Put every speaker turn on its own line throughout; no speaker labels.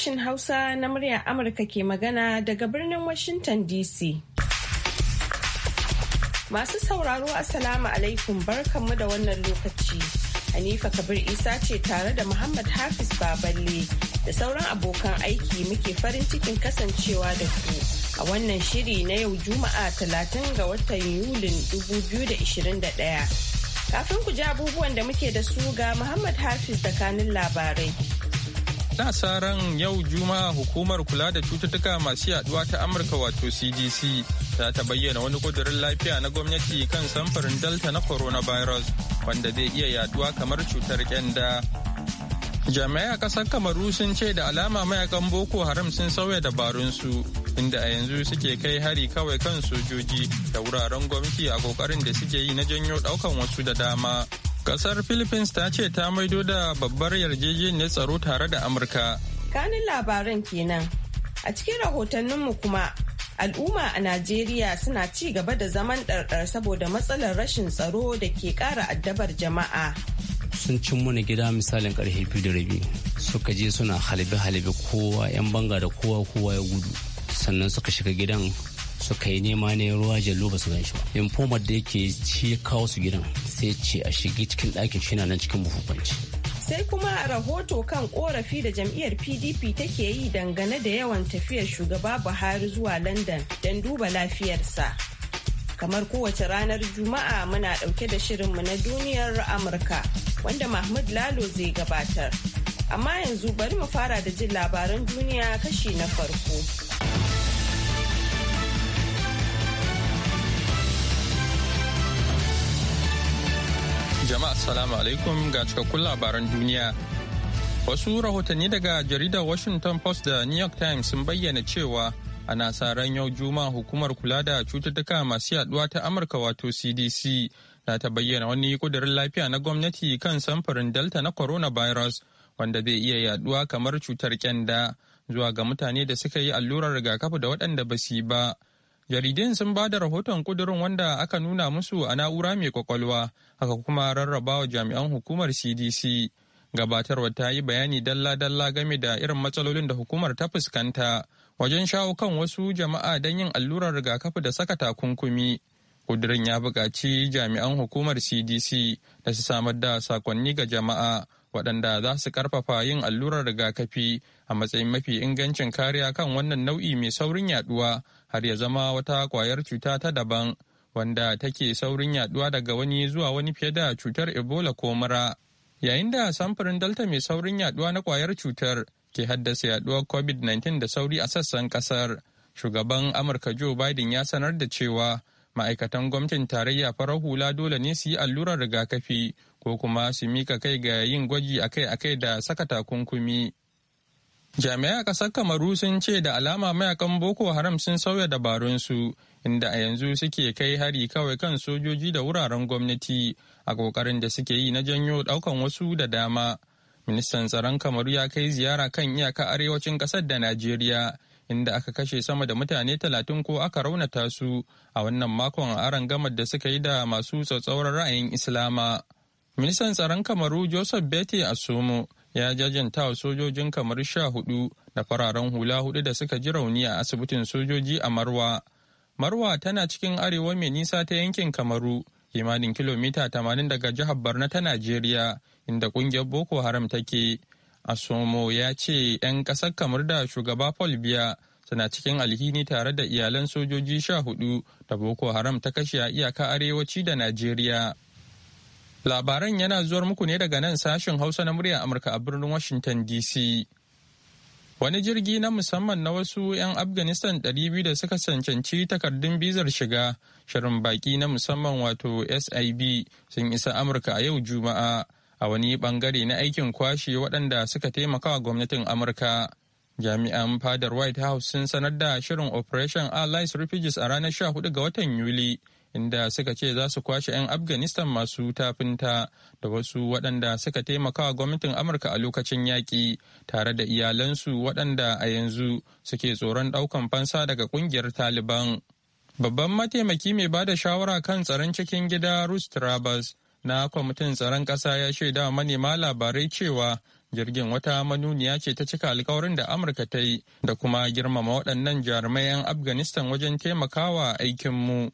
Sashin Hausa na muryar Amurka ke magana daga birnin Washington DC. Masu sauraro Assalamu alaikum barkanmu da wannan lokaci. Hanifa Kabir Isa ce tare da Muhammad Hafiz Baballe da sauran abokan aiki muke farin cikin kasancewa da ku a wannan shiri na yau Juma'a 30 ga watan Yulin 2021. Kafin ku ji abubuwan da muke da su ga Muhammad Hafiz da kanin labarai.
ana sa ran yau juma'a hukumar kula da cututtuka masu yaduwa ta amurka wato cdc ta ta bayyana wani kudurin lafiya na gwamnati kan samfurin delta na coronavirus wanda zai iya yaduwa kamar cutar kyanda jami'ai a kasar kamaru sun ce da alama mayakan boko haram sun sauya dabarunsu inda a yanzu suke kai hari kawai kan sojoji da wuraren gwamnati a kokarin da suke yi na janyo daukan wasu da dama Kasar Philippines ta ce ta maido da babbar yarjejeniyar tsaro tare da Amurka.
Kanin labaran kenan. A cikin rahotanninmu kuma, al'umma a Najeriya suna ci gaba da zaman ɗarɗar saboda matsalar rashin tsaro da ke ƙara addabar jama'a.
Sun cin mana gida misalin karfe biyu da rabi suka je suna halibe-halibe kowa 'yan banga da kowa kowa ya gudu sannan suka shiga gidan suka yi nema ne ruwa jallo ba su gan shi ba da yake ci kawo su gidan sai ce a shige cikin ɗakin shi na nan cikin buhu
sai kuma a rahoto kan korafi da jam'iyyar pdp take yi dangane da yawan tafiyar shugaba buhari zuwa london don duba lafiyarsa kamar kowace ranar juma'a muna dauke da shirin mu na duniyar amurka wanda mahmud lalo zai gabatar amma yanzu bari mu fara da jin labaran duniya kashi na farko
jama'a salamu alaikum ga cikakkun labaran duniya. Wasu rahotanni daga jaridar Washington Post da New York Times sun bayyana cewa ana sa yau juma hukumar kula da cututtuka masu yaduwa ta Amurka wato CDC na ta bayyana wani kudirin lafiya na gwamnati kan samfurin Delta na coronavirus wanda zai iya yaduwa kamar cutar kyanda zuwa ga mutane da suka yi allurar rigakafi da waɗanda ba su yi ba. Jaridun sun ba da rahoton kudurin wanda aka nuna musu a na'ura mai kwakwalwa, haka kuma rarrabawa jami'an hukumar CDC. Gabatarwa ta yi bayani dalla-dalla game da irin matsalolin da hukumar ta fuskanta wajen shawo kan wasu jama'a don yin allurar rigakafi da saka takunkumi. Kudurin ya buƙaci jami'an hukumar CDC da su samar da sakonni ga jama'a waɗanda za su karfafa yin allurar rigakafi a matsayin mafi ingancin kariya kan wannan nau'i mai saurin yaduwa har ya zama wata kwayar cuta ta daban wanda take saurin yaduwa daga wani zuwa wani fiye da cutar ebola ko mura yayin da samfurin delta mai saurin yaduwa na kwayar cutar ke haddasa yaduwar covid-19 da sauri a sassan kasar shugaban amurka joe biden ya sanar da cewa ma'aikatan gwamnatin tarayya farar hula dole ne su yi allurar rigakafi ko kuma su mika kai ga yin gwaji akai-akai da saka takunkumi. Jami'ai a ƙasar Kamaru sun ce da alama mayakan Boko Haram sun sauya dabarunsu inda a yanzu suke kai hari kawai kan sojoji da wuraren gwamnati a ƙoƙarin da suke yi na janyo ɗaukan wasu da dama. Ministan tsaron Kamaru ya kai ziyara kan iyaka arewacin ƙasar da Najeriya inda aka kashe sama da mutane talatin ko aka raunata su a wannan makon a aron gamar da suka yi da masu tsatsauran ra'ayin Islama. Ministan tsaron Kamaru Joseph Bete Asomo ya jajanta wa sojojin kamar sha hudu da fararen hula hudu da suka ji rauni a asibitin sojoji a Marwa. Marwa tana cikin arewa mai nisa ta yankin Kamaru, kimanin kilomita tamanin daga jihar Barna ta Najeriya, inda kungiyar Boko Haram take. Asomo ya ce 'yan ƙasar kamar da shugaba Paul Biya suna cikin alhini tare da iyalan sojoji sha hudu da Boko Haram ta kashe a iyaka arewaci da Najeriya. Labaran yana zuwar muku ne daga nan sashen Hausa na muryar Amurka a birnin Washington DC. Wani jirgi na musamman na wasu 'yan Afghanistan 200 da suka cancanci takardun bizar shiga shirin baki na musamman wato SIB sun isa Amurka a yau Juma'a a wani bangare na aikin kwashe waɗanda suka taimaka wa gwamnatin Amurka. Jami'an fadar White House sun sanar da shirin Operation Allies Refugees a ranar 14 ga watan Yuli. inda suka ce za su kwashe 'yan afghanistan masu tafinta da wasu waɗanda suka taimaka wa gwamnatin amurka a lokacin yaƙi tare da iyalansu waɗanda a yanzu suke tsoron ɗaukan fansa daga ƙungiyar taliban babban mataimaki mai ba da shawara kan tsaron cikin gida rus travers na kwamitin tsaron ƙasa ya shaida wa manema labarai cewa jirgin wata manuniya ce ta cika alkawarin da amurka ta yi da kuma girmama waɗannan jarumai 'yan afghanistan wajen taimakawa aikinmu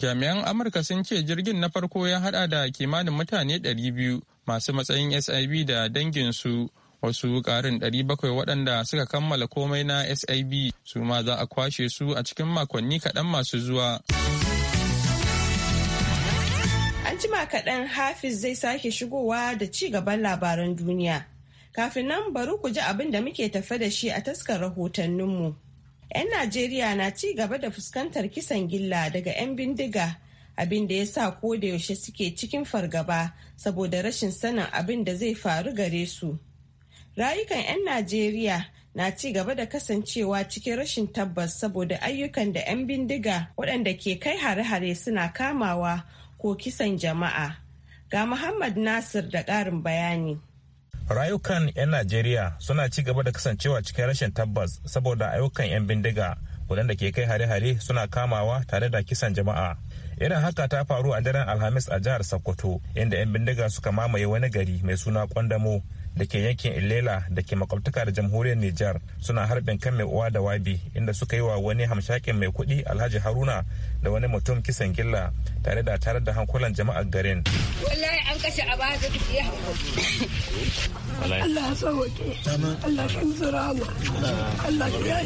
Jami'an Amurka sun ce jirgin na farko ya hada da kimanin mutane 200 masu matsayin SIB da danginsu wasu karin 700 waɗanda suka kammala komai na SIB su ma za a kwashe su a cikin makonni kaɗan masu zuwa.
An jima kaɗan Hafiz zai sake shigowa da ci gaban labaran duniya. Kafin nan bari ku ji abin da muke tafe da shi a taskar rahotanninmu. 'Yan Najeriya na ci gaba da fuskantar kisan gilla daga 'yan bindiga abin da ya sa ko da yaushe suke cikin fargaba saboda rashin sanin abin da zai faru gare su. Rayukan 'yan Najeriya na ci gaba da kasancewa cikin rashin tabbas saboda ayyukan da 'yan bindiga waɗanda ke kai hare-hare suna kamawa ko kisan jama'a. Ga Muhammad Nasir da ƙarin bayani.
rayukan 'yan najeriya suna ci gaba da kasancewa cikin rashin tabbas saboda ayyukan 'yan bindiga waɗanda ke kai hare-hare suna kamawa tare da kisan jama'a irin haka ta faru a daren alhamis a jihar sokoto inda 'yan bindiga suka mamaye wani gari mai suna kwandamo da ke yankin ilela da ke makwabtaka da jamhuriyar nijar suna harbin kan mai uwa da wabi inda suka yi wa wani hamshakin mai kuɗi alhaji haruna da wani mutum kisan gilla tare da tarar da hankulan jama'ar garin.
Wallahi an kashe a baya duk ya
Allah ya
Allah shi zurama.
Allah ya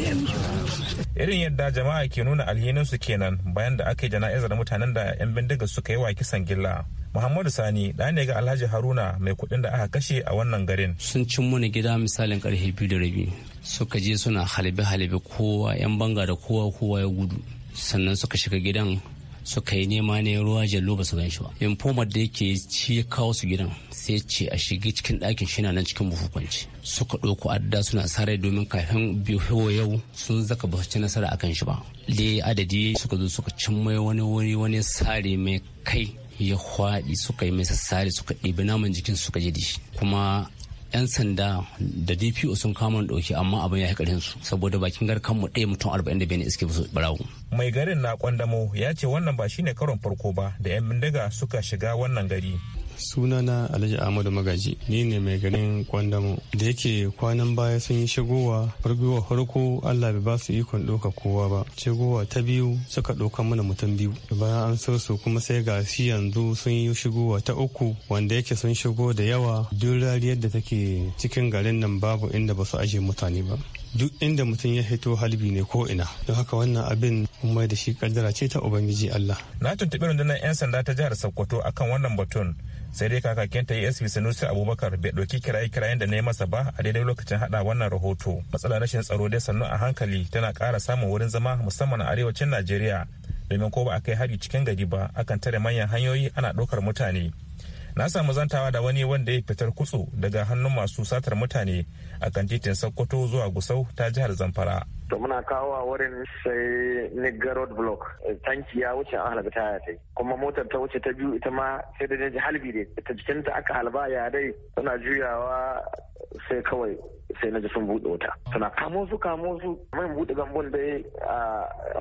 Irin yadda jama'a ke nuna alhinin su kenan bayan da aka yi jana'izar mutanen da 'yan bindiga suka yi wa kisan gilla. Muhammadu Sani da ne ga Alhaji Haruna mai kuɗin da aka kashe a wannan garin.
Sun cin mana gida misalin karfe biyu da rabi. Suka je suna halibe-halibe kowa 'yan banga da kowa kowa ya gudu. sannan suka shiga gidan suka yi nema ne ruwa jallo ba su gan shi ba informant da yake ci kawo su gidan sai ce a shige cikin ɗakin shi nan cikin buhu suka ɗauko adda suna sare domin kafin biyo yau sun zaka ba ci nasara akan shi ba le adadi suka zo suka cin mai wani wani wani sare mai kai ya kwaɗi suka yi mai sassare suka ɗibi naman jikin suka je da shi kuma 'yan sanda da dpo sun kama ɗauki amma abin ya haƙarin su saboda bakin garkan mu ɗaya mutum arba'in da bene iske su barawo.
mai garin na kwandamo ya ce wannan ba shine karon farko ba da 'yan bindiga suka shiga wannan gari sunana alhaji ahmadu
magaji ni ne mai ganin kwandamo da yake kwanan baya sun yi shigowa fargowa farko allah bai ba su ikon ɗauka kowa ba shigowa ta biyu suka ɗauka mana mutum biyu bayan an so su kuma sai ga shi yanzu sun yi shigowa ta uku wanda yake sun shigo da yawa duk rariyar da take cikin garin nan babu inda ba su aje mutane ba duk inda mutum ya hito halbi ne ko ina don haka wannan abin mai da shi kaddara ce ta ubangiji Allah.
Na tuntuɓi rundunar 'yan sanda ta jihar Sokoto akan wannan batun sai dai kakakin ta asp e sanusi abubakar bai ɗauki kiraye-kirayen da na yi masa ba a daidai lokacin hada wannan rahoto matsalar rashin tsaro dai sannu a hankali tana ƙara samun wurin zama musamman a arewacin najeriya domin ko ba a kai hari cikin gari ba akan tare manyan hanyoyi ana ɗaukar mutane na samu zantawa da wani wanda ya fitar kutsu daga hannun masu satar mutane a kan titin sokoto zuwa gusau ta jihar zamfara
to muna kawo a wurin sai nigga road block tanki ya wuce an halbi taya ta kuma motar ta wuce ta biyu ita ma sai da ji halbi ne ta jikinta aka halba ya dai suna juyawa sai kawai sai na ji sun buɗe wuta suna kamo su kamo su mai buɗe gambon dai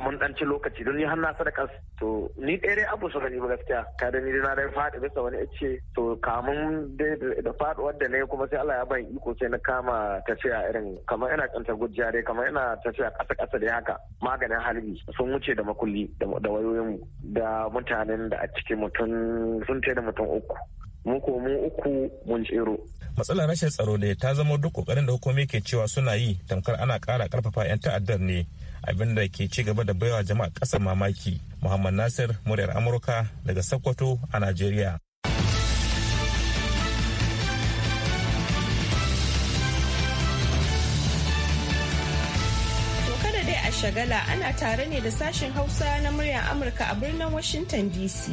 mun dan ci lokaci don ni har na sadaka to ni ɗaya dai abu su gani ba gaskiya ka da ni dai na dai faɗi bisa wani ice to kamun dai da faɗuwar ne kuma sai Allah ya bani iko sai na kama tafiya irin kamar ina kanta gujja dai kamar ina tafiya ƙasa ƙasa dai haka maganin halbi sun wuce da makulli da wayoyin da mutanen da a cikin mutum sun da mutum uku mu ko mu uku mun
tsero. matsalar rashin tsaro ne ta zama duk kokarin da hukumi ke cewa suna yi tamkar ana kara karfafa 'yan ta'addar ne abin da ke ci gaba da baiwa jama'a kasar mamaki muhammad nasir muryar amurka daga sokoto a najeriya
shagala ana tare ne da sashen hausa na muryar amurka a birnin washington dc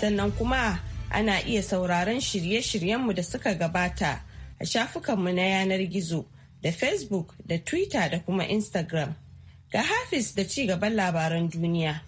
sannan kuma ana iya sauraron shirye-shiryenmu da suka gabata a shafukanmu na yanar gizo da facebook da twitter da kuma instagram ga hafiz da ci gaban labaran duniya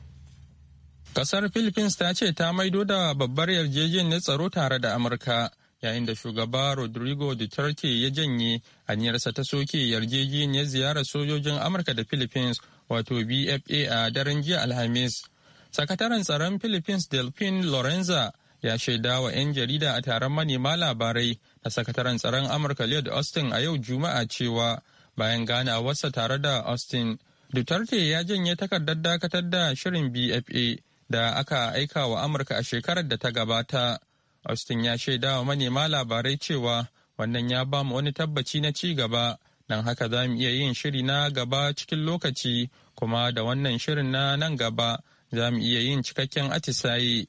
kasar philippines ta ce ta maido da babbar yarjejeniyar tsaro tare da amurka yayin da shugaba rodrigo duterte ya janye aniyarsa ta soke yarjejeniyar ziyarar sojojin amurka da philippines wato bfa a daren jiya alhamis sakataren tsaron philippines delphine lorenza ya shaida wa 'yan jarida a taron manema labarai na sakataren tsaron amurka lloyd austin a yau juma'a cewa bayan wasa tare da austin duterte ya janye takardar dakatar da shirin bfa da aka aika wa amurka a shekarar da ta gabata austin ya shaida wa manema labarai cewa wannan ya ba mu wani tabbaci na ci gaba don haka za mu iya yin shiri na gaba cikin lokaci kuma da wannan shirin na nan gaba za mu iya yin cikakken atisaye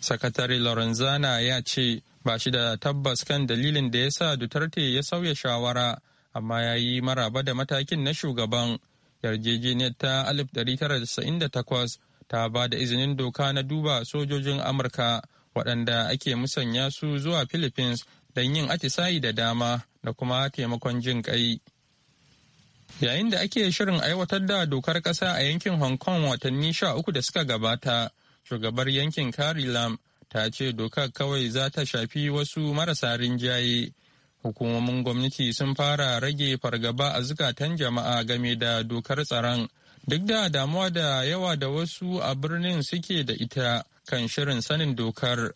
sakatare lorenzana ya ce ba shi da tabbas kan dalilin da ya sa duterte ya sauya shawara amma ya yi maraba da matakin na shugaban yarjejeniyar ta 1998 ta ba da izinin doka na duba sojojin amurka waɗanda ake musanya su zuwa philippines don yin atisayi da dama da kuma taimakon jin ƙai. yayin da ake shirin aiwatar da dokar ƙasa a yankin hong kong watanni sha uku da suka gabata shugabar yankin Karilam ta ce dokar kawai za ta shafi wasu marasa rinjaye. Hukumomin gwamnati sun fara rage fargaba a zukatan jama'a game da dokar tsaron, duk da damuwa da yawa da wasu a birnin suke da ita kan shirin sanin dokar.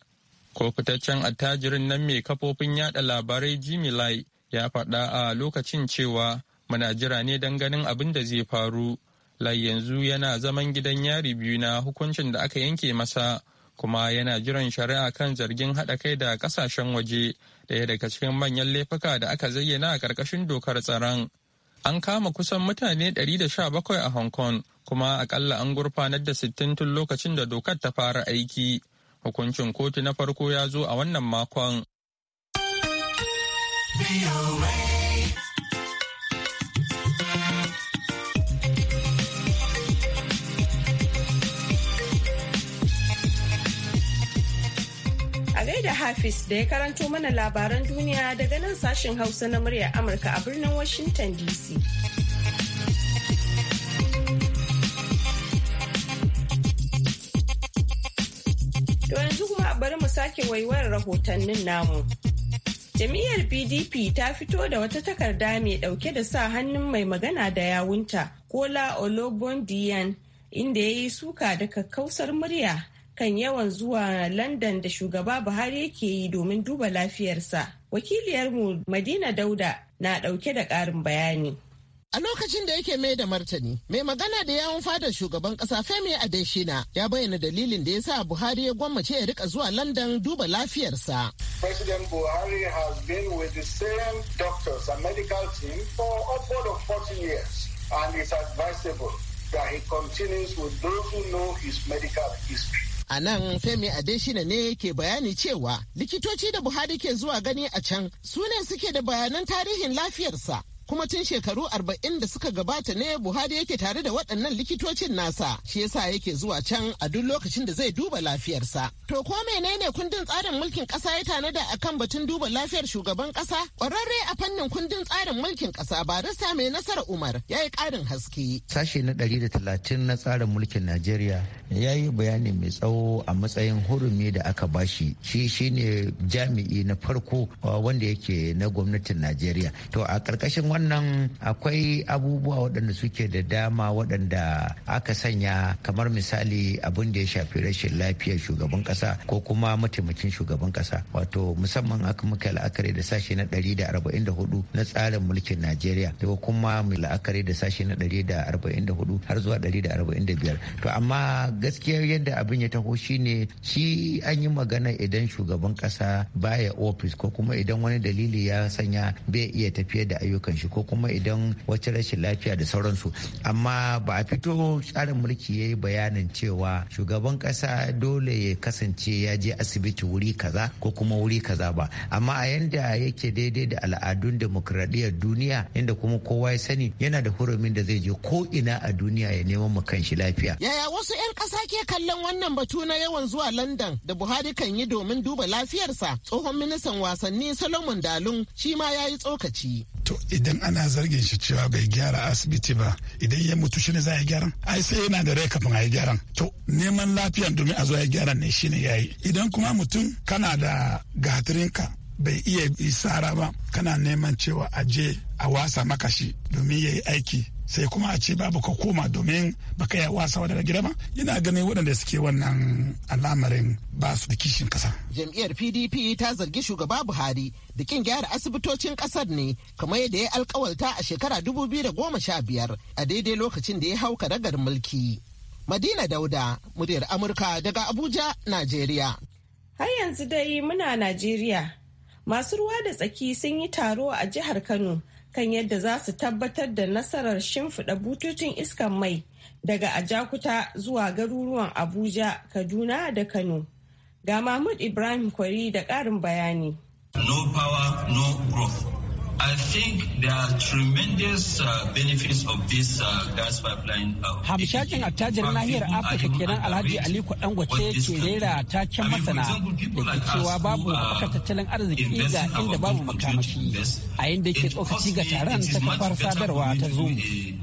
Ko fitaccen attajirin nan mai kafofin yada labarai Jimmy Lai ya faɗa a lokacin cewa muna jira ne don ganin abin da zai faru. lai yanzu yana zaman gidan yari biyu na hukuncin da aka yanke masa kuma yana jiran shari'a kan zargin haɗa kai da ƙasashen waje daya daga cikin manyan laifuka da aka zayyana a ƙarƙashin dokar tsaron. An kama kusan mutane 117 a Hong Kong kuma akalla an gurfanar da 60 tun lokacin da dokar ta fara aiki. Hukuncin kotu na farko ya zo a wannan makon.
Hafiz da ya karanto mana labaran duniya daga nan sashen Hausa na muryar Amurka a birnin Washington DC. To yanzu kuma a bari mu sake waiwar rahotannin namu. Jami'ar PDP ta fito da wata takarda mai ɗauke da sa hannun mai magana da yawunta Kola Olobondiyan inda ya yi suka da kakkausar murya kan yawan zuwa London da shugaba Buhari yake yi domin duba lafiyarsa. Wakiliyarmu Madina Dauda na dauke da karin bayani. A lokacin da yake
mai da martani, mai magana da yawon fadar shugaban kasa Femi Adeshina ya bayyana dalilin da ya sa Buhari ya gwammace ya rika zuwa London duba lafiyarsa.
President Buhari has been with the same doctors and medical team for upward of 40 years
and it's advisable that he continues with those who know his medical history. A nan Femi Adeshina ne ke bayani cewa likitoci da Buhari ke zuwa gani a can su ne suke da bayanan tarihin lafiyarsa kuma tun shekaru arba'in da suka gabata ne buhari yake tare da waɗannan likitocin nasa shi yasa yake zuwa can a duk lokacin da zai duba lafiyarsa to ko menene kundin tsarin mulkin ƙasa ya tanada akan batun duba lafiyar shugaban ƙasa ƙwararre a fannin kundin tsarin mulkin ƙasa barista mai nasara umar ya yi ƙarin
haske sashe na ɗari da talatin na tsarin mulkin najeriya ya yi bayani mai tsawo a matsayin hurumi da aka bashi shi shine jami'i na farko uh, wanda yake na gwamnatin najeriya to a ƙarƙashin wannan akwai abubuwa waɗanda suke da dama waɗanda aka sanya kamar misali abin da ya shafi rashin lafiyar shugaban kasa ko kuma mataimakin shugaban kasa wato musamman aka muka la'akari da sashe na 144 na tsarin mulkin najeriya da kuma mai la'akari da sashe na 144 har zuwa 145 to amma gaskiya yadda abin ya taho shine shi an yi magana idan shugaban kasa baya ofis ko kuma idan wani dalili ya sanya bai iya tafiyar da ayyukan shi ko kuma idan wata rashin lafiya da sauransu amma ba a fito tsarin mulki ya yi bayanin cewa shugaban kasa dole ya kasance ya je asibiti wuri kaza ko kuma wuri kaza ba amma a yanda yake daidai da al'adun demokradiyyar duniya inda kuma kowa ya sani yana da hurumin da zai je ko ina a duniya ya neman mu kanshi lafiya
yaya wasu 'yan kasa ke kallon wannan batu na yawan zuwa london da buhari kan yi domin duba lafiyarsa tsohon ministan wasanni solomon dalun shi ma ya yi tsokaci
to idan ana zargin shi cewa bai gyara asibiti ba idan ya mutu shi ne za a gyara ai sai yana da rai kafin a yi gyaran to neman lafiyan domin a zo ya gyara ne shine yayi idan kuma mutum kana da gatirinka bai iya isara ba kana neman cewa a je a wasa maka shi domin ya yi aiki sai kuma a ce babu ka koma domin baka yi wasa daga gida ba yana ganin waɗanda suke wannan al'amarin ba su da kishin kasa.
jam'iyyar pdp ta zargi shugaba buhari da kin gyara asibitocin kasar ne kamar yadda ya alkawalta a shekara dubu biyu da goma sha biyar a daidai lokacin da ya hau karagar mulki madina dauda muryar amurka daga
abuja najeriya har yanzu dai muna najeriya masu ruwa da tsaki sun yi taro a jihar kano kan yadda za su tabbatar da nasarar shimfiɗa bututun iskan mai daga ajakuta zuwa garuruwan abuja kaduna da kano ga mahmud ibrahim kwari da ƙarin bayani no
power no growth Uh, uh, uh, Hamshakin attajirin nahiyar Afirka kenan Alhaji Aliko
Dangote ke rera taken masana da ke cewa babu haka tattalin arziki ga inda babu makamashi a inda ke tsokaci ga taron ta kafar sadarwa ta Zoom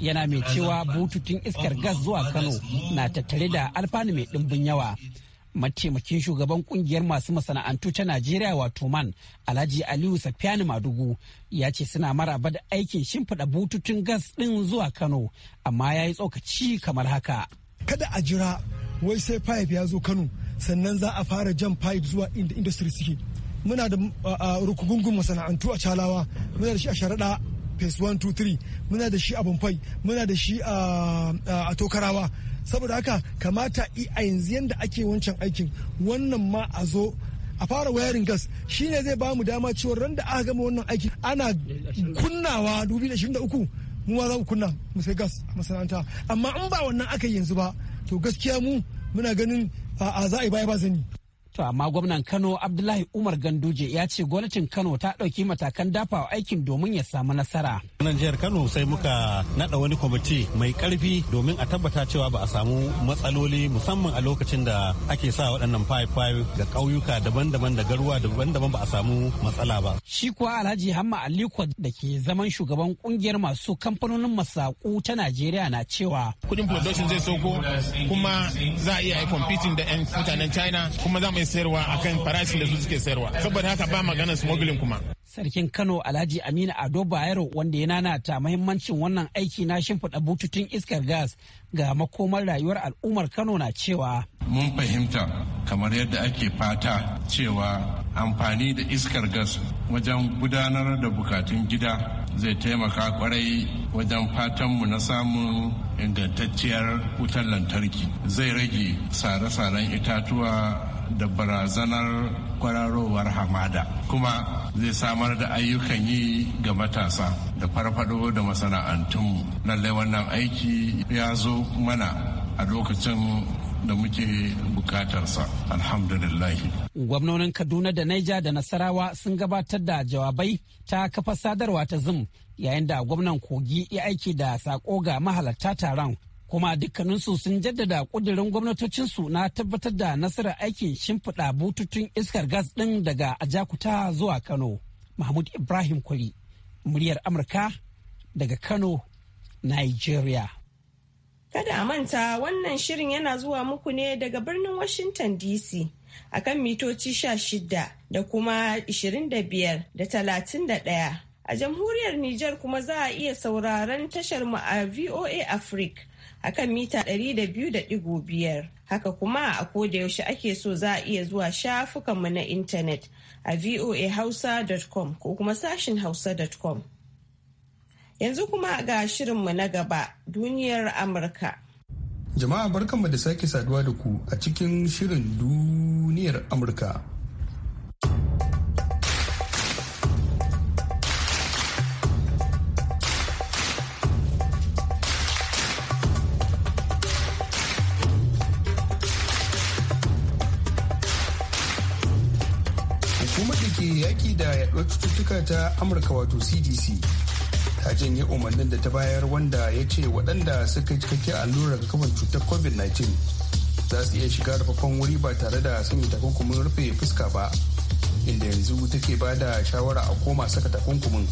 yana mai cewa bututun iskar gas zuwa Kano na tattare da alfanu mai dimbin yawa. mataimakin shugaban kungiyar masu masana'antu ta najeriya wato man alhaji aliyu safiyani madugu ya ce suna maraba da aikin shimfiɗa bututun gas ɗin zuwa kano amma ya yi tsokaci kamar haka
kada a jira wai sai pipe ya zo kano sannan za a fara jan pipe zuwa inda industry suke muna da rukugungun masana'antu a calawa muna da shi a sharaɗa phase 1 2 3 muna da shi a bamfai muna da shi a tokarawa saboda haka kamata a yanzu yadda ake wancan aikin wannan ma a zo a fara wayarin gas shi ne zai bamu dama cewa ran da aka gama wannan aiki ana kunnawa 2023 mu ma za mu kunna mu sai gas a masana'anta amma in ba wannan aka yanzu ba to gaskiya mu muna ganin a za
a yi baya ba zani To amma gwamnan Kano Abdullahi Umar Ganduje ya ce gwamnatin Kano ta ɗauki matakan dafawa aikin domin ya samu nasara.
Nan jihar Kano sai muka naɗa wani kwamiti mai ƙarfi domin a tabbata cewa ba a samu matsaloli musamman a lokacin da ake sa waɗannan faifai ga ƙauyuka daban-daban da garuwa daban-daban ba a samu matsala ba. Shi
kuwa Alhaji Hamma Aliko da ke zaman shugaban ƙungiyar masu kamfanonin masaku ta Najeriya na cewa. Kudin production zai sauko kuma za a iya competing
da 'yan mutanen China kuma za mu sayarwa akan farashin da su suke sayarwa saboda haka ba magana smuggling kuma
sarkin kano alhaji aminu ado bayero wanda ya ta mahimmancin wannan aiki na shimfiɗa bututun iskar gas ga makomar rayuwar al'ummar kano na cewa
mun fahimta
kamar yadda ake fata cewa amfani da iskar gas wajen gudanar da bukatun gida zai taimaka kwarai wajen fatanmu na samun ingantacciyar wutar lantarki zai rage sare-saren itatuwa da barazanar kwararowar hamada kuma zai samar da ayyukan yi ga matasa da farfado da masana'antunmu lallai wannan aiki ya zo mana a lokacin da muke bukatarsa
alhamdulillahi.
gwamnonin kaduna da naija da nasarawa sun gabatar da jawabai ta kafa sadarwa ta zim yayin da gwamnan kogi ya aiki da sako ga mahalarta taron kuma dukkaninsu sun jaddada kudirin gwamnatocinsu na tabbatar da nasarar aikin shimfiɗa bututun iskar gas ɗin daga ajakuta zuwa kano mahmud ibrahim kuli muryar amurka daga kano nigeria
kada a manta wannan shirin yana zuwa muku ne daga birnin washington dc a kan mitoci 16 da kuma 25 da 31 a jamhuriyar niger kuma za a iya sauraron tashar mu a voa africa a kan mita ɗari da da biyu ɗigo biyar haka kuma a koda yaushe ake so za a iya zuwa shafukanmu na intanet a voahausa.com ko kuma sashin hausa.com yanzu kuma ga shirinmu na gaba duniyar amurka
jama'a barkanmu da sake saduwa da ku a cikin shirin duniyar amurka yaduwar cututtuka ta amurka wato cdc ta janye umarnin da ta bayar wanda ya ce waɗanda suka yi cikakke allurar kafin cutar covid-19 za su iya shiga rufaffen wuri ba tare da sanya takunkumin rufe fuska ba inda yanzu take ba da shawara a koma saka takunkumin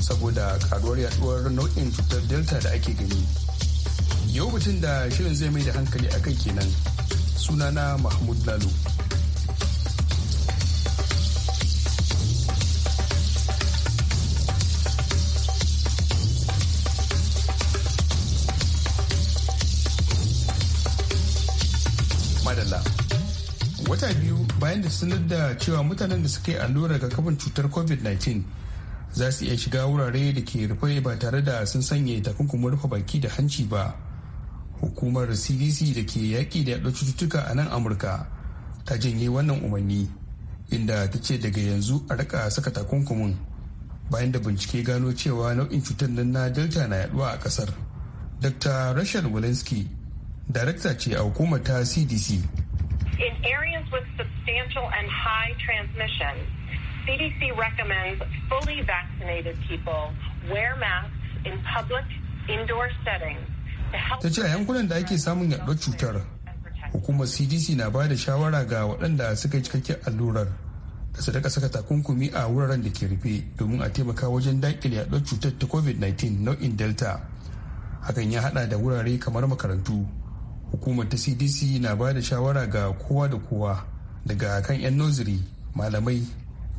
saboda karuwar yaduwar nau'in cutar delta da ake gani yau batun da shirin zai mai da hankali akan kenan sunana mahmud lalu wata biyu bayan da sanar da cewa mutanen da suka yi allurar rigakafin cutar covid-19 za su iya shiga wurare da ke rufe ba tare da sun sanya takunkumin rufe baki da hanci ba hukumar cdc da ke yaƙi da yaɗa cututtuka a nan amurka ta janye wannan umarni inda ta ce daga yanzu a rika saka takunkumin bayan da bincike gano cewa nau'in cutar nan na delta na yaɗuwa a ƙasar. dr rachel walensky darakta ce a hukumar ta cdc
In areas with substantial and high transmission, CDC recommends fully vaccinated people wear masks in public indoor settings to help. Ta ce a
yankunan da ake samun yaɗuwar cutar, hukumar CDC na ba da shawara ga waɗanda suka yi cikakken allurar da su daga saka takunkumi a wuraren da ke rufe domin a taimaka wajen daƙile yaɗuwar cutar ta COVID-19 nau'in Delta. Hakan ya haɗa da wurare kamar makarantu, hukumar ta cdc na ba da shawara ga kowa da kowa daga kan 'yan noziri malamai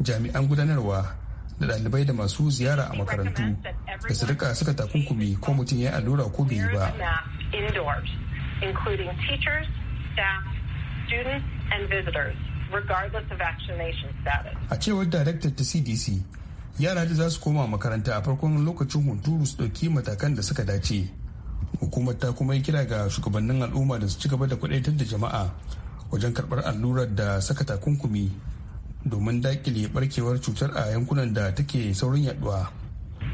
jami'an gudanarwa da ɗalibai da masu ziyara a makarantu da su rika suka takunkumi ko mutum ya allura ko bai yi ba a cewar daraktar ta cdc yara da za su koma makaranta a farkon lokacin hunturu su ɗauki matakan da suka dace hukumar ta kuma yi kira ga shugabannin al'umma da su ci gaba da kwadaitar da jama'a wajen karbar allurar da saka takunkumi domin dakile barkewar cutar a yankunan da take
saurin yaduwa.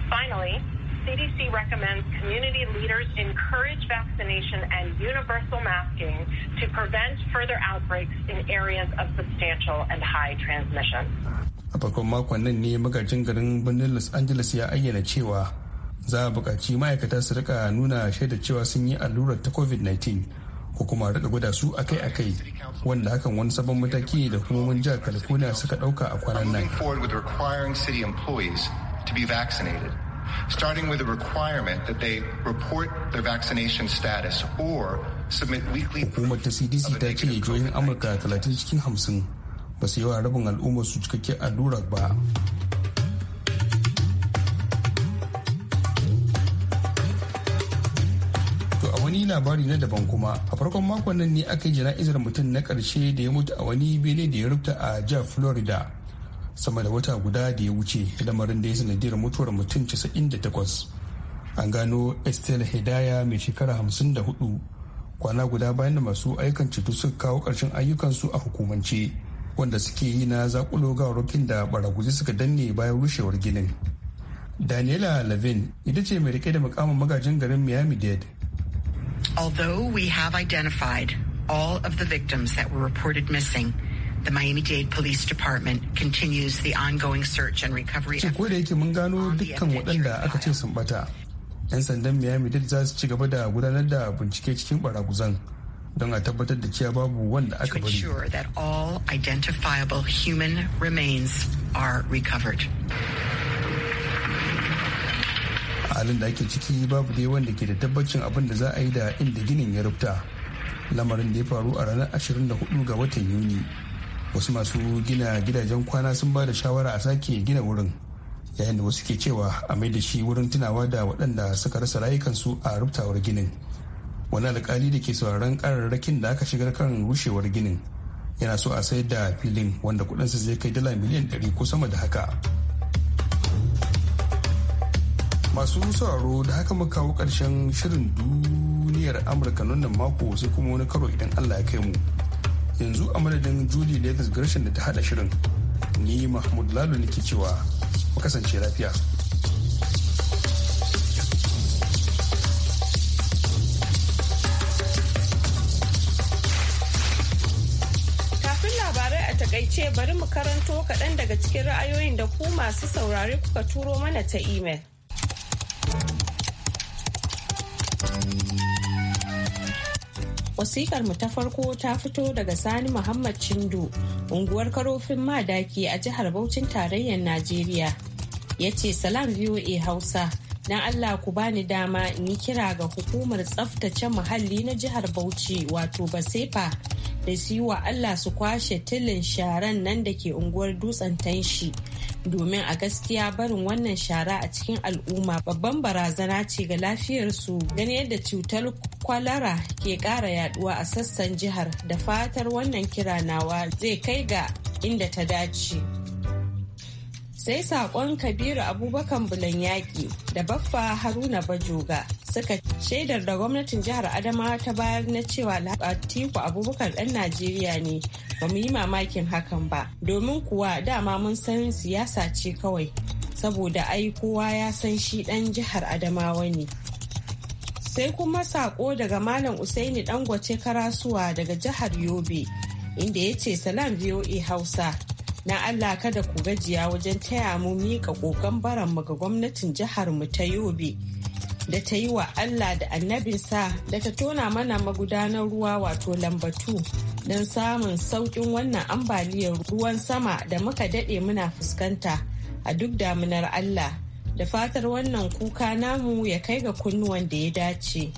Finally, CDC recommends community leaders encourage vaccination and universal masking to prevent further outbreaks in areas of substantial and high transmission.
A farkon makon nan ne magajin garin birnin Los Angeles ya ayyana cewa za a buƙaci ma'aikata su rika nuna shaidar cewa sun yi allurar ta covid-19 ko kuma rika gwada su akai-akai wanda hakan wani sabon mataki da hukumomin jihar california suka ɗauka a kwanan nan
starting with a requirement that they report their
vaccination status or submit weekly hukumar ta cdc ta ce jihohin amurka 30 cikin 50 ba su yi wa rabin al'ummar su cikakken allurar ba wani labari na daban kuma a farkon makon nan ne aka yi jana'izar mutum na karshe da ya mutu a wani bene da ya rubuta a jihar florida sama da wata guda da ya wuce lamarin da ya sanadiyar mutuwar mutum 98 an gano estelle hedaya mai shekara 54 kwana guda bayan da masu aikan ceto suka kawo ƙarshen ayyukansu a hukumance wanda suke yi na zakulo ga rokin da baraguzi suka danne bayan rushewar ginin daniela lavin ita ce mai rike da mukamin magajin garin miami dade
Although we have identified all of the victims that were reported missing, the Miami-Dade Police Department continues the ongoing search and recovery. Ce
ko da sandan Miami-Dade za su ci gaba da gudanar da bincike cikin baraguzan don a tabbatar da cewa babu wanda aka bari. To ensure
that all identifiable human remains are recovered.
halin da ake ciki babu dai wanda ke da tabbacin abin da za a yi da inda ginin ya rufta lamarin da ya faru a ranar 24 ga watan yuni wasu masu gina gidajen kwana sun ba da shawara a sake gina wurin yayin da wasu ke cewa a mai da shi wurin tunawa da waɗanda suka rasa rayukansu a ruftawar ginin wani alkali da ke sauraron kararrakin da aka shigar kan rushewar ginin yana so a sayar da filin wanda kudinsa zai kai dala miliyan 100 ko sama da haka masu sauraro da haka muka kawo ƙarshen shirin duniyar amurka nan mako sai kuma wani karo idan allah ya kai mu yanzu a madadin julie lagos gershon da ta hada shirin ni mahmud lalo nake cewa mu kasance lafiya
kafin labarai a takaice bari mu karanto kaɗan daga cikin ra'ayoyin da ku masu saurare kuka turo mana ta imel. Wasikar mu ta farko ta fito daga Sani Muhammad Chindu, unguwar karofin madaki a jihar Bauchin tarayyar Najeriya. yace ce salam VOA Hausa, na Allah ku bani dama in yi kira ga hukumar tsaftace muhalli na jihar Bauchi wato Basefa da su yi wa Allah su kwashe tilin sharan nan da ke unguwar dutsen tanshi. domin a gaskiya barin wannan shara a cikin al'umma babban barazana ce ga lafiyarsu gani yadda cutar kwalara ke ƙara yaduwa a sassan jihar da fatar wannan kira nawa zai kai ga inda ta dace. sai saƙon kabiru abubakar bulan yaƙi da baffa haruna bajoga suka shaidar da gwamnatin jihar adamawa ta bayar na cewa latiku abubakar ɗan najeriya ne ba mu yi mamakin hakan ba domin kuwa dama mun san siyasa ce kawai saboda ai kowa ya san shi ɗan jihar adamawa ne sai kuma saƙo daga malam usaini dangwace karasuwa daga jihar yobe inda ya ce salam voa hausa na Allah kada ku gajiya wajen taya mu miƙa ƙoƙon baranmu ga gwamnatin jihar mu ta Yobe da ta yi wa Allah da annabinsa da ta tona mana magudanar ruwa wato lambatu don samun sauƙin wannan ambaliyar ruwan sama da muka daɗe muna fuskanta a duk damunar Allah da fatar wannan kuka namu ya kai ga kunnuwan da ya dace.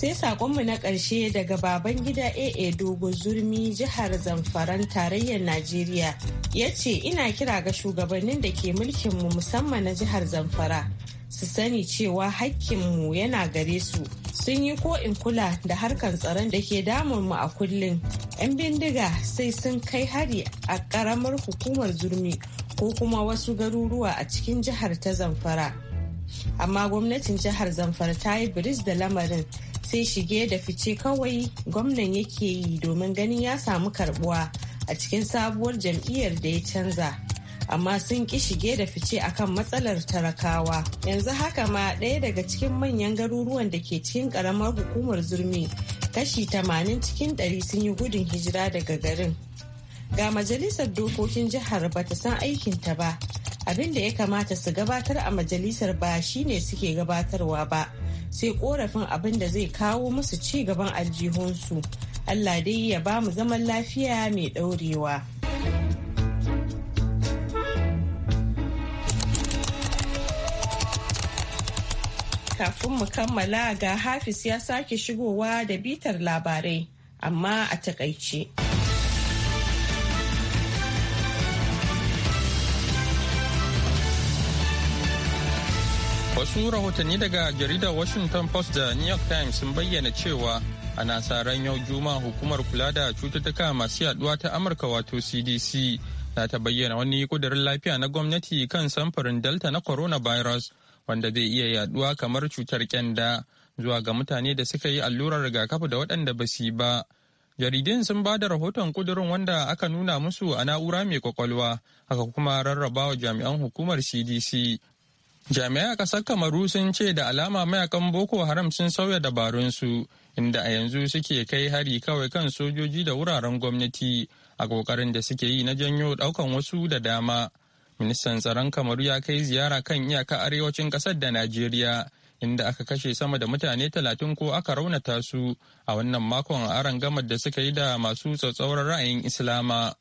sai sakonmu na ƙarshe daga baban gida AA Dogo Zurmi jihar Zamfaran tarayyar Najeriya ya ce ina kira ga shugabannin da ke mulkinmu musamman na jihar Zamfara su sani cewa hakkinmu yana gare su sun yi ko'in kula da harkar tsaron da ke damunmu a kullum 'yan bindiga sai sun kai hari a ƙaramar hukumar zurmi ko kuma wasu garuruwa a cikin jihar ta zamfara amma gwamnatin jihar zamfara ta yi biris da lamarin sai shige da fice kawai gwamnan yake yi domin ganin ya samu karbuwa a cikin sabuwar jam'iyyar da ya canza amma sun ki shige da fice akan matsalar tarakawa yanzu haka ma ɗaya daga cikin manyan garuruwan da ke cikin ƙaramar hukumar zurmi kashi tamanin cikin ɗari sun yi gudun hijira daga garin ga majalisar dokokin jihar ba ta san aikin ta ba abin da ya kamata su gabatar a majalisar ba shine suke gabatarwa ba sai korafin abin da zai kawo musu ci gaban aljihunsu allah dai ya ba mu zaman lafiya mai ɗaurewa. kafin mu kammala ga hafiz ya sake shigowa da bitar labarai amma a takaice.
Wasu rahotanni daga jaridar Washington Post da New York Times sun bayyana cewa ana sa ran yau juma hukumar kula da cututtuka masu yaduwa ta Amurka wato CDC na ta bayyana wani kudurin lafiya na gwamnati kan samfurin Delta na coronavirus wanda zai iya yaduwa kamar cutar kyanda zuwa ga mutane da suka yi allurar rigakafi da waɗanda ba su yi ba. Jaridun sun ba da rahoton kudurin wanda aka nuna musu a na'ura mai kwakwalwa, haka kuma rarrabawa jami'an hukumar CDC Jami'ai a ƙasar Kamaru sun ce da alama mayakan Boko Haram sun sauya dabarunsu inda a yanzu suke kai hari kawai kan sojoji da wuraren gwamnati a ƙoƙarin da suke yi na janyo ɗaukan wasu da dama. Ministan tsaron Kamaru ya kai ziyara kan iyaka arewacin ƙasar da Najeriya inda aka kashe sama da mutane talatin ko aka raunata su a wannan makon a aron gamar da suka yi da masu tsatsauran ra'ayin Islama.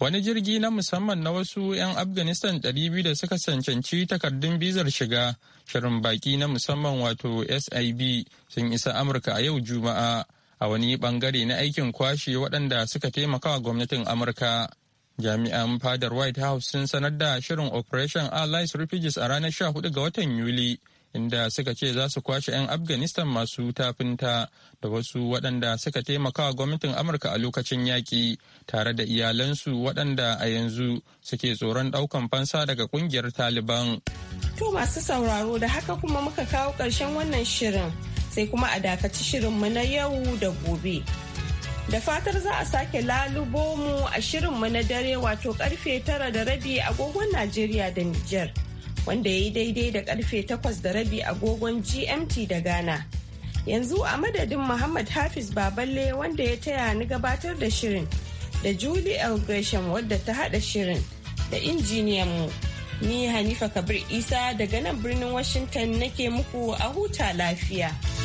Wani jirgi na musamman na wasu 'yan Afghanistan 200 da suka cancanci takardun bizar shiga shirin baki na musamman wato SIB sun isa Amurka a yau Juma'a a wani bangare na aikin kwashe waɗanda suka taimaka wa gwamnatin Amurka. Jami'an fadar White House sun sanar da shirin Operation Allies Refugees a ranar 14 ga watan Yuli. inda suka ce za su kwashe 'yan afghanistan masu tafinta da wasu waɗanda suka taimaka wa gwamnatin amurka a lokacin yaƙi tare da iyalansu waɗanda a yanzu suke tsoron ɗaukan fansa daga ƙungiyar taliban
to masu sauraro da haka kuma muka kawo ƙarshen wannan shirin sai kuma a dakaci shirin mu na yau da gobe da fatar za a sake lalubo mu a shirin mu na dare wato karfe tara da rabi agogon najeriya da nijar. wanda ya yi daidai da karfe takwas da rabi agogon GMT da Ghana. Yanzu a madadin Muhammad Hafiz Baballe wanda ya taya ni gabatar da shirin da Julie L. Gresham wadda ta hada shirin da injiniyan mu. Ni Hanifa Kabir Isa daga nan birnin Washington nake muku a huta lafiya.